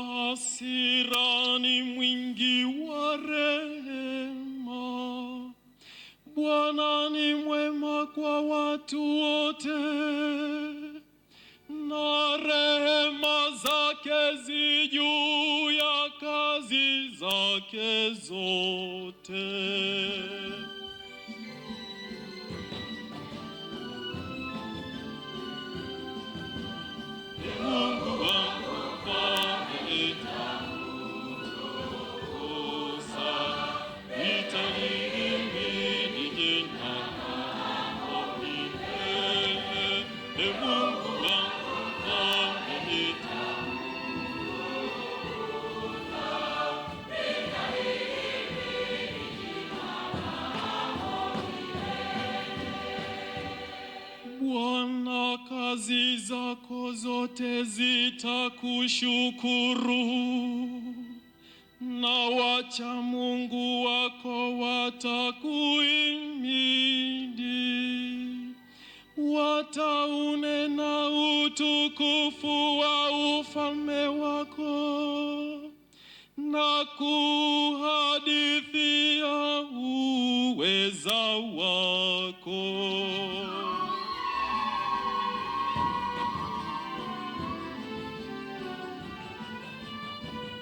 hasira ni mwingi wa rehema, Bwana ni mwema kwa watu wote, na rehema zake zi juu ya kazi zake zote. zako zote zitakushukuru na wacha Mungu wako watakuimidi, wataunena utukufu wa ufalme wako na kuhadithia uweza wako.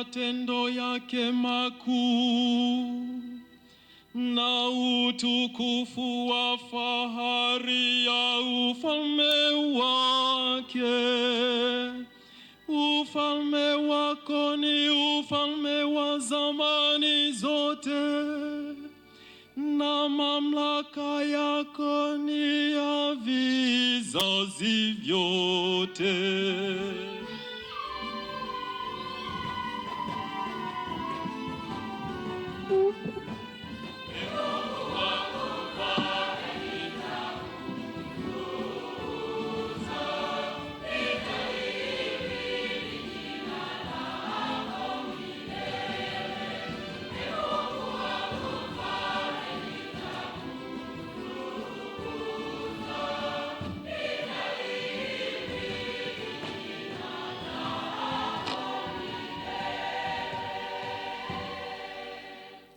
matendo yake makuu na utukufu wa fahari ya ufalme wake. Ufalme wako ni ufalme wa zamani zote, na mamlaka yako ni ya vizazi vyote.